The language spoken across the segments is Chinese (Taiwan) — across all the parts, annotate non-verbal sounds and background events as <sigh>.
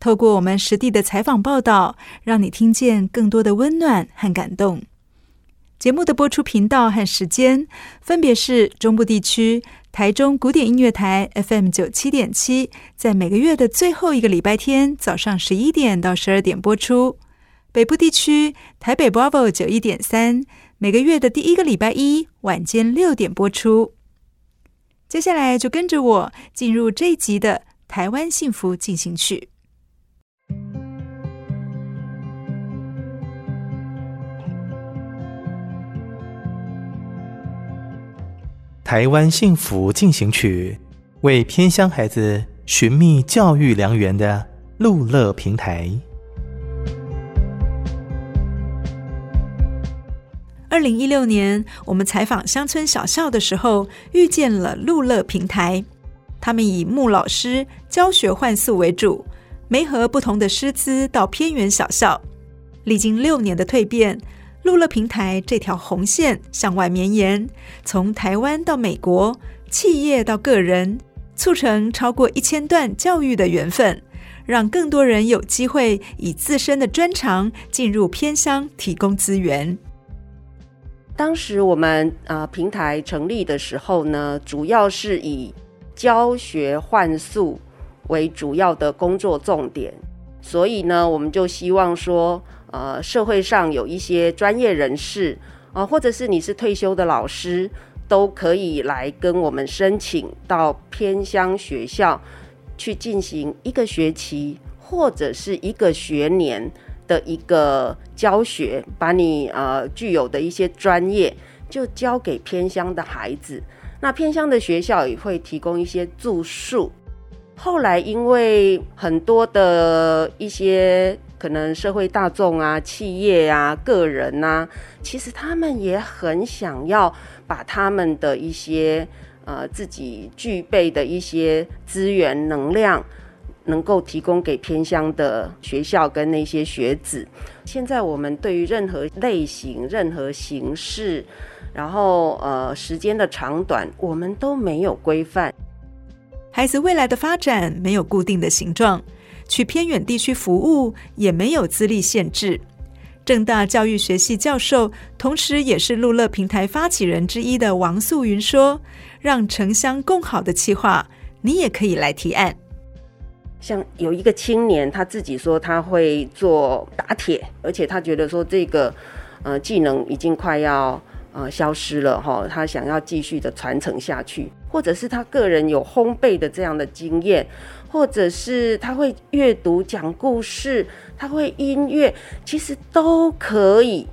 透過我們實地的採訪報道，讓你聽見更多的溫暖和感動。節目的播出頻道和時間分別是：中部地區台中古典音樂台 FM 九七點七，在每個月的最後一個禮拜天早上十一點到十二點播出；北部地區台北 Bravo 九一點三，每個月的第一個禮拜一晚間六點播出。接下來就跟着我進入這一集的《台灣幸福進行曲》。台灣幸福進行曲，為偏鄉孩子尋覓教育良緣的鹿樂平台。二零一六年，我們採訪鄉村小校的時候，遇見了鹿樂平台。他們以募老師教學換宿為主，媒合不同的師資到偏遠小校，歷經六年的蛻變。鹿樂平台這條紅線向外綿延，從台灣到美國，企業到個人，促成超過一千段教育的緣分，讓更多人有機會以自身的專長進入偏鄉提供資源。當時我們啊、呃、平台成立的時候呢，主要是以教學換宿為主要的工作重點。所以呢，我們就希望說，呃，社會上有一些專業人士，啊、呃，或者是你是退休的老師，都可以來跟我們申請到偏鄉學校去進行一個學期或者是一個學年的一個教學，把你呃具有的一些專業就交給偏鄉的孩子。那偏鄉的學校也會提供一些住宿。後來，因為很多的一些可能社會大眾啊、企業啊、個人吶、啊，其實他們也很想要把他們的一些呃自己具備的一些資源、能量，能夠提供給偏鄉的學校跟那些學子。現在我們對於任何類型、任何形式，然後呃時間的長短，我們都沒有規範。孩子未來的發展沒有固定的形狀，去偏遠地區服務也沒有資歷限制。政大教育學系教授，同時也是鹿樂平台發起人之一的王素云說：“讓城鄉更好的計劃，你也可以來提案。”像有一個青年，他自己說他會做打鐵，而且他覺得說這個呃技能已經快要。呃，消失了哈！他想要繼續的傳承下去，或者是他個人有烘焙的這樣的經驗，或者是他會閱讀、講故事，他會音樂，其實都可以。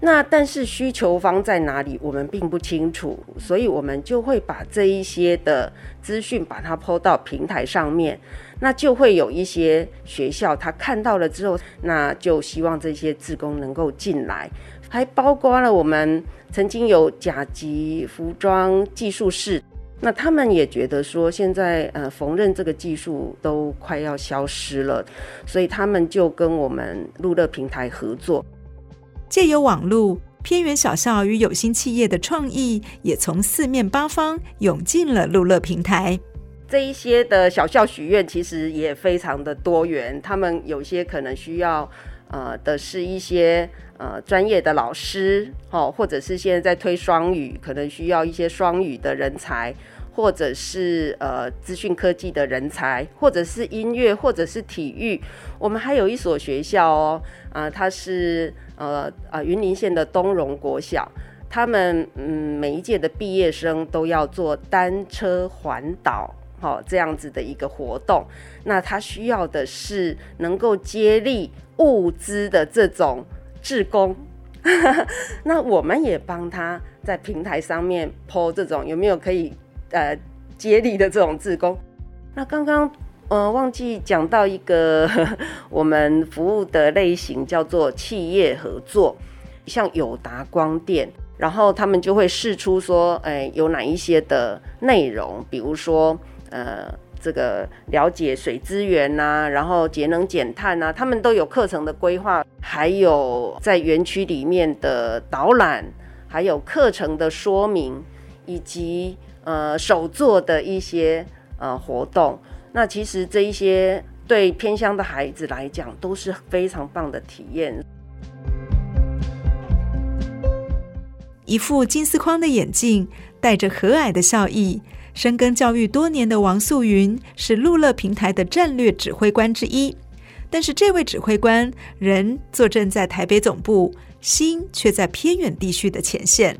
那但是需求方在哪裡，我們並不清楚，所以我們就會把這一些的資訊把它拋到平台上面，那就會有一些學校他看到了之後，那就希望這些志工能夠進來。還包括了我們曾經有甲級服裝技術士。那他們也覺得說現在呃縫紉這個技術都快要消失了，所以他們就跟我們鹿樂平台合作，借由網路，偏遠小校與有心企業的創意也從四面八方湧進了鹿樂平台。這一些的小校許願其實也非常的多元，他們有些可能需要。呃，的是一些呃專業的老師，哦，或者是現在在推雙語，可能需要一些雙語的人才，或者是呃資訊科技的人才，或者是音樂，或者是體育。我們還有一所學校哦，啊、呃，它是呃啊、呃、雲林縣的東榮國小，他們嗯每一屆的畢業生都要做單車環島。好，這樣子的一個活動，那他需要的是能夠接力物資的這種志工， <laughs> 那我們也幫他在平台上面 PO 這種有沒有可以呃接力的這種志工。 <laughs> 那剛剛呃忘記講到一個 <laughs> 我們服務的類型叫做企業合作，像友達光電，然後他們就會釋出說，哎、呃，有哪一些的內容，比如說。呃，這個了解水資源吶、啊，然後節能減碳吶、啊，他們都有課程的規劃，還有在園區裡面的導覽，還有課程的說明，以及呃手作的一些呃活動。那其實這一些對偏鄉的孩子來講都是非常棒的體驗。一副金絲框的眼鏡。帶着和藹的笑意，深耕教育多年的王素云是鹿樂平台的戰略指揮官之一。但是，這位指揮官人坐鎮在台北總部，心卻在偏遠地區的前線。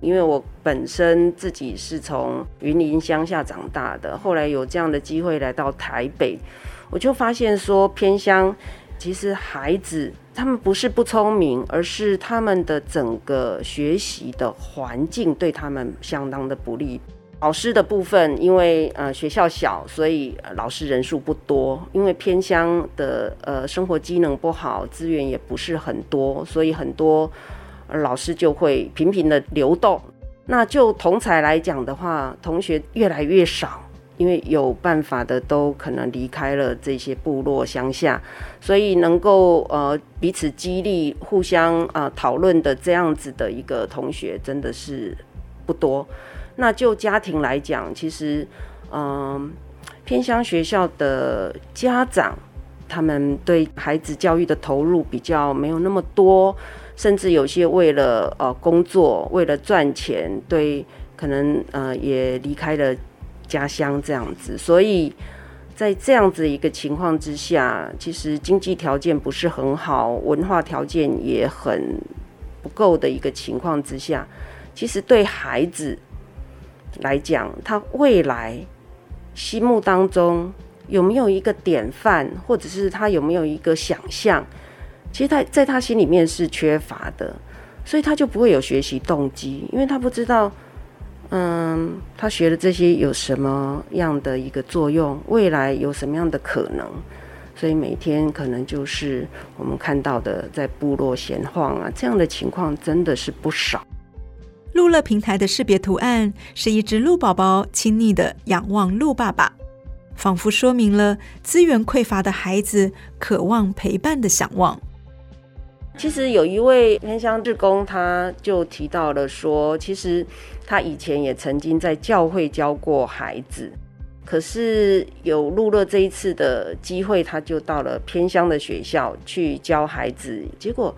因為我本身自己是從雲林鄉下長大的，後來有這樣的機會來到台北，我就發現說偏鄉。其實孩子他們不是不聰明，而是他們的整個學習的環境對他們相當的不利。老師的部分，因為呃學校小，所以，呃，老師人數不多；因為偏鄉的呃生活機能不好，資源也不是很多，所以很多，呃，老師就會頻頻的流動。那就同儕來講的話，同學越來越少。因為有辦法的都可能離開了這些部落鄉下，所以能夠呃彼此激勵、互相啊、呃、討論的這樣子的一個同學真的是不多。那就家庭來講，其實嗯、呃、偏鄉學校的家長，他們對孩子教育的投入比較沒有那麼多，甚至有些為了呃工作、為了賺錢，對可能呃也離開了。家鄉這樣子，所以在這樣子一個情況之下，其實經濟條件不是很好，文化條件也很不夠的一個情況之下，其實對孩子來講，他未來心目當中有沒有一個典範，或者是他有沒有一個想象，其實他在，在他心裡面是缺乏的，所以他就不會有學習動機，因為他不知道。嗯，他學的這些有什麼樣的一個作用？未來有什麼樣的可能？所以每天可能就是我們看到的在部落閒晃啊，這樣的情況真的是不少。鹿樂平台的識別圖案是一只鹿寶寶親昵的仰望鹿爸爸，仿佛說明了資源匱乏的孩子渴望陪伴的向往。其實有一位偏鄉志工，他就提到了說，其實他以前也曾經在教會教過孩子，可是有鹿樂這一次的機會，他就到了偏鄉的學校去教孩子，結果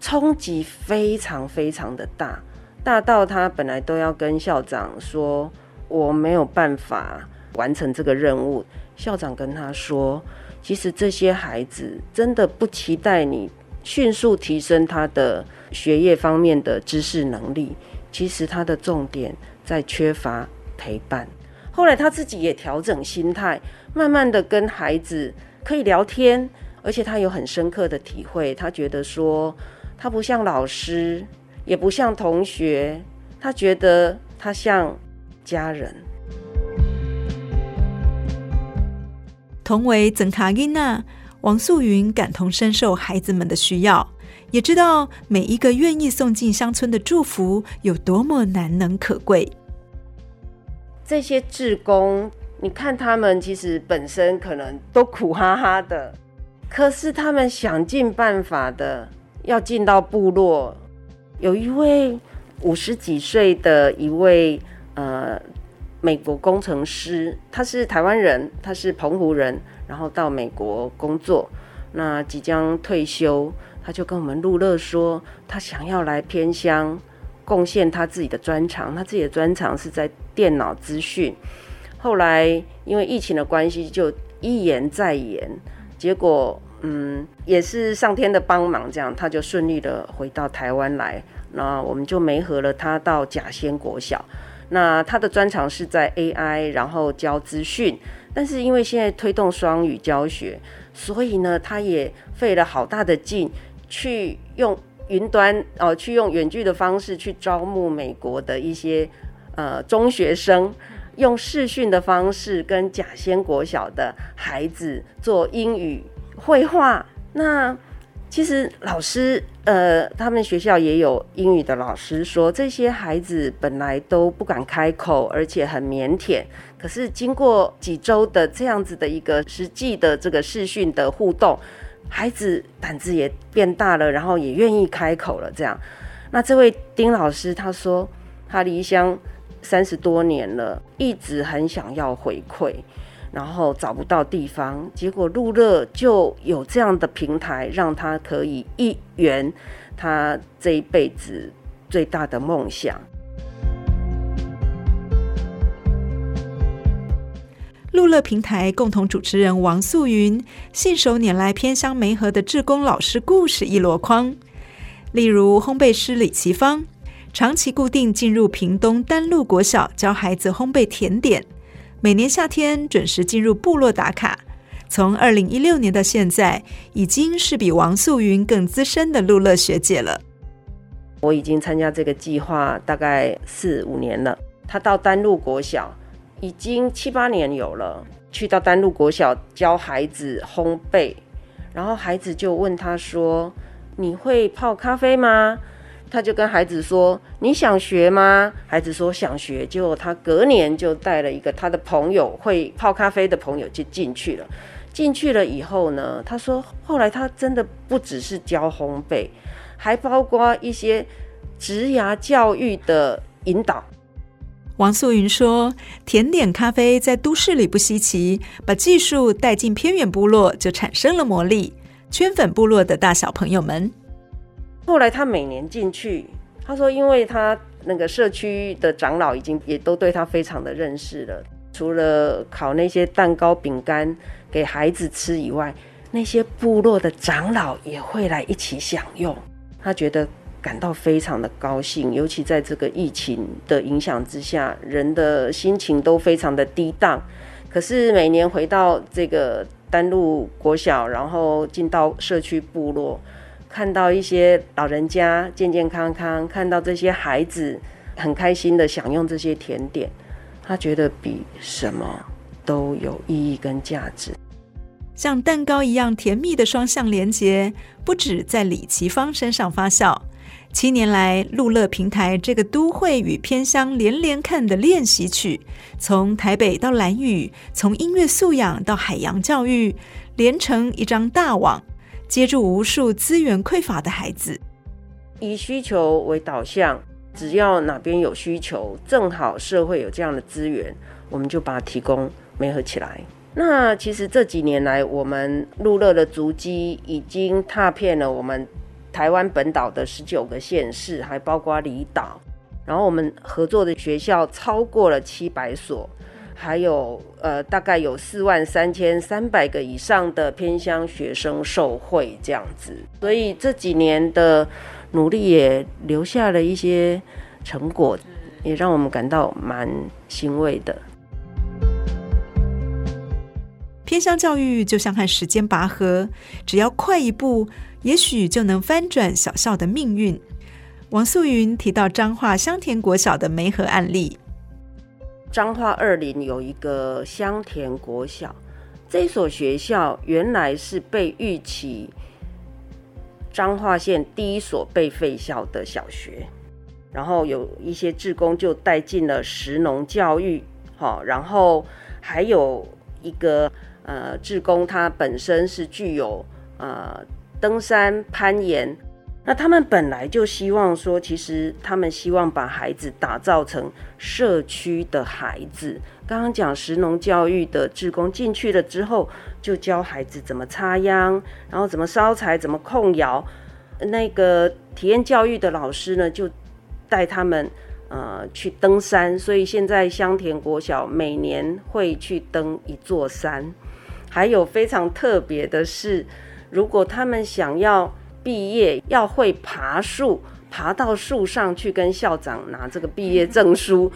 衝擊非常非常的大，大到他本來都要跟校長說，我沒有辦法完成這個任務，校長跟他說，其實這些孩子真的不期待你，迅速提升他的學業方面的知識能力，其實他的重點在缺乏陪伴。後來他自己也調整心態，慢慢的跟孩子可以聊天，而且他有很深刻的體會，他覺得說他不像老師，也不像同學，他覺得他像家人。同為曾卡囡娜、啊王素雲感同身受孩子們的需要，也知道每一個願意送進鄉村的祝福有多麼難能可貴。這些志工，你看他們其實本身可能都苦哈哈的，可是他們想盡辦法的要進到部落。有一位五十幾歲的一位呃美國工程師，他是台灣人，他是澎湖人。然後到美國工作，那即將退休，他就跟我們鹿樂說，他想要來偏鄉貢獻他自己的專長，他自己的專長是在電腦資訊。後來因為疫情的關係，就一延再延，結果嗯，也是上天的幫忙，這樣他就順利的回到台灣來。那我們就媒合了他到甲仙國小，那他的專長是在 AI，然後教資訊。但是因為現在推動雙語教學，所以呢，他也費了好大的勁，呃，去用雲端哦，去用遠距的方式去招募美國的一些呃中學生，用視訊的方式跟甲仙國小的孩子做英語會話，那。其實老師，呃，他們學校也有英語的老師說，這些孩子本來都不敢開口，而且很靦腆。可是經過幾周的這樣子的一個實際的這個視訊的互動，孩子膽子也變大了，然後也願意開口了。這樣，那這位丁老師他說，他離鄉三十多年了，一直很想要回饋。然後找不到地方，結果鹿樂就有這樣的平台，讓他可以一圓他這一輩子最大的夢想。鹿樂平台共同主持人王素雲信手拈來，偏鄉媒合的志工老師故事一籮筐，例如烘焙師李奇芳，長期固定進入屏東丹路國小教孩子烘焙甜點。每年夏天準時進入部落打卡，從二零一六年到現在，已經是比王素雲更資深的鹿樂學姐了。我已經參加這個計劃大概四五年了。她到丹路國小已經七八年有了，去到丹路國小教孩子烘焙，然後孩子就問她說：“你會泡咖啡嗎？”他就跟孩子說：“你想學嗎？”孩子說：“想學。”結果他隔年就帶了一個他的朋友，會泡咖啡的朋友就進去了。進去了以後呢，他說後來他真的不只是教烘焙，還包括一些職涯教育的引導。王素云說：“甜點咖啡在都市裡不稀奇，把技術帶進偏遠部落就產生了魔力，圈粉部落的大小朋友們。”後來他每年進去，他說，因為他那個社區的長老已經也都對他非常的認識了。除了烤那些蛋糕、餅乾給孩子吃以外，那些部落的長老也會來一起享用。他覺得感到非常的高興，尤其在這個疫情的影響之下，人的心情都非常的低檔。可是每年回到這個丹路國小，然後進到社區部落。看到一些老人家健健康康，看到這些孩子很開心的享用這些甜點，他覺得比什麼都有意義跟價值。像蛋糕一樣甜蜜的雙向連接，不止在李奇芳身上發酵。七年來，路樂平台這個都會與偏鄉連連看的練習曲，從台北到蘭嶼，從音樂素養到海洋教育，連成一張大網。接住無數資源匱乏的孩子。以需求為導向，只要哪邊有需求，正好社會有這樣的資源，我們就把它提供、媒合起來。那其實這幾年來，我們鹿樂的足跡已經踏遍了我們台灣本島的十九個縣市，還包括離島。然後我們合作的學校超過了七百所，還有呃，大概有四萬三千三百個以上的偏鄉學生受惠。這樣子，所以這幾年的努力也留下了一些成果，也讓我們感到蠻欣慰的。偏鄉教育就像和時間拔河，只要快一步，也許就能翻轉小校的命運。王素云提到彰化香田國小的媒合案例。彰化二林有一個香田國小，這所學校原來是被預期彰化縣第一所被廢校的小學，然後有一些志工就帶進了食農教育，哈，然後還有一個呃志工，他本身是具有呃登山攀岩。那他們本來就希望說，其實他們希望把孩子打造成社區的孩子。剛剛講食農教育的志工進去了之後，就教孩子怎麼插秧，然後怎麼燒柴，怎麼控窯。那個體驗教育的老師呢，就帶他們呃去登山。所以現在香田國小每年會去登一座山。還有非常特別的是，如果他們想要。畢業要會爬樹，爬到樹上去跟校長拿這個畢業證書，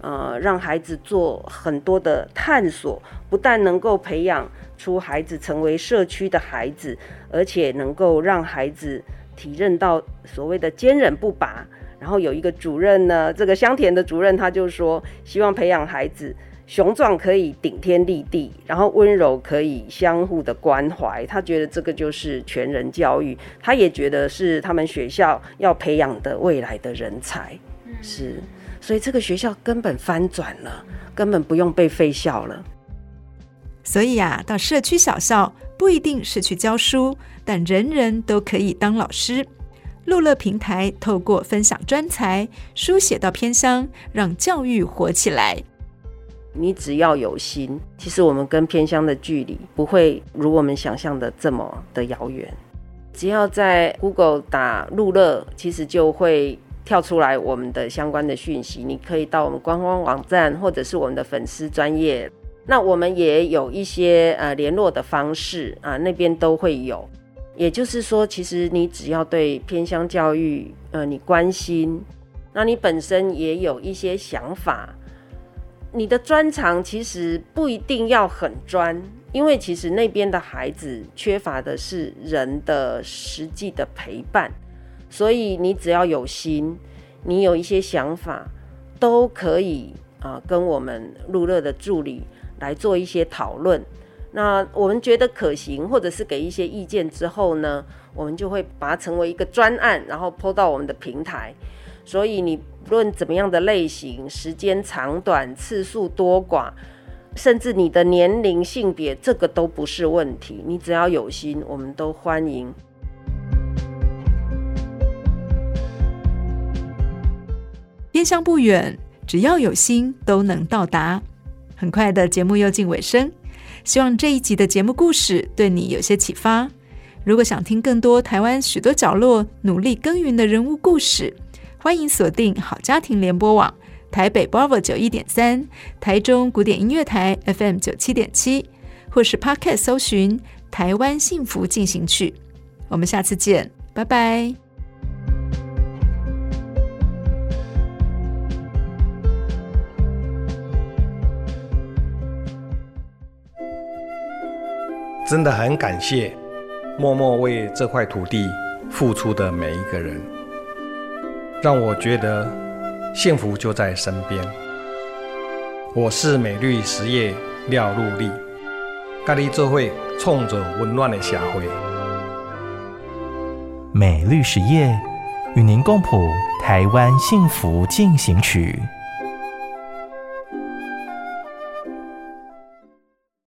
呃，讓孩子做很多的探索，不但能夠培養出孩子成為社區的孩子，而且能夠讓孩子體認到所謂的堅韌不拔。然後有一個主任呢，這個香甜的主任他就說，希望培養孩子。雄壯可以頂天立地，然後溫柔可以相互的關懷。他覺得這個就是全人教育，他也覺得是他們學校要培養的未來的人才。嗯、是，所以這個學校根本翻轉了，根本不用被廢校了。所以呀、啊，到社區小校不一定是去教書，但人人都可以當老師。鹿樂平台透過分享專才，書寫到偏鄉，讓教育活起來。你只要有心，其實我們跟偏鄉的距離不會如我們想象的這麼的遙遠。只要在 Google 打鹿樂，其實就會跳出來我們的相關的訊息。你可以到我們官方網站，或者是我們的粉絲專業。那我們也有一些呃聯絡的方式啊、呃，那邊都會有。也就是說，其實你只要對偏鄉教育呃你關心，那你本身也有一些想法。你的專長其實不一定要很專，因為其實那邊的孩子缺乏的是人的實際的陪伴，所以你只要有心，你有一些想法，都可以啊、呃，跟我們鹿樂的助理來做一些討論。那我們覺得可行，或者是給一些意見之後呢，我們就會把它成為一個專案，然後拋到我們的平台。所以你不論怎麼樣的類型、時間長短、次數多寡，甚至你的年齡、性別，這個都不是問題。你只要有心，我們都歡迎。偏鄉不遠，只要有心都能到達。很快的節目又近尾聲，希望這一集的節目故事對你有些啟發。如果想聽更多台灣許多角落努力耕耘的人物故事，歡迎鎖定好家庭聯播網，台北 BRAVO 九一點三，台中古典音樂台 FM 九七點七，或是 Podcast 搜尋《台灣幸福進行曲》。我們下次見，拜拜。真的很感謝默默為這塊土地付出的每一個人。讓我覺得幸福就在身邊。我是美律實業廖祿立，咖哩智慧創造溫暖的社會。美律實業與您共譜台灣幸福進行曲。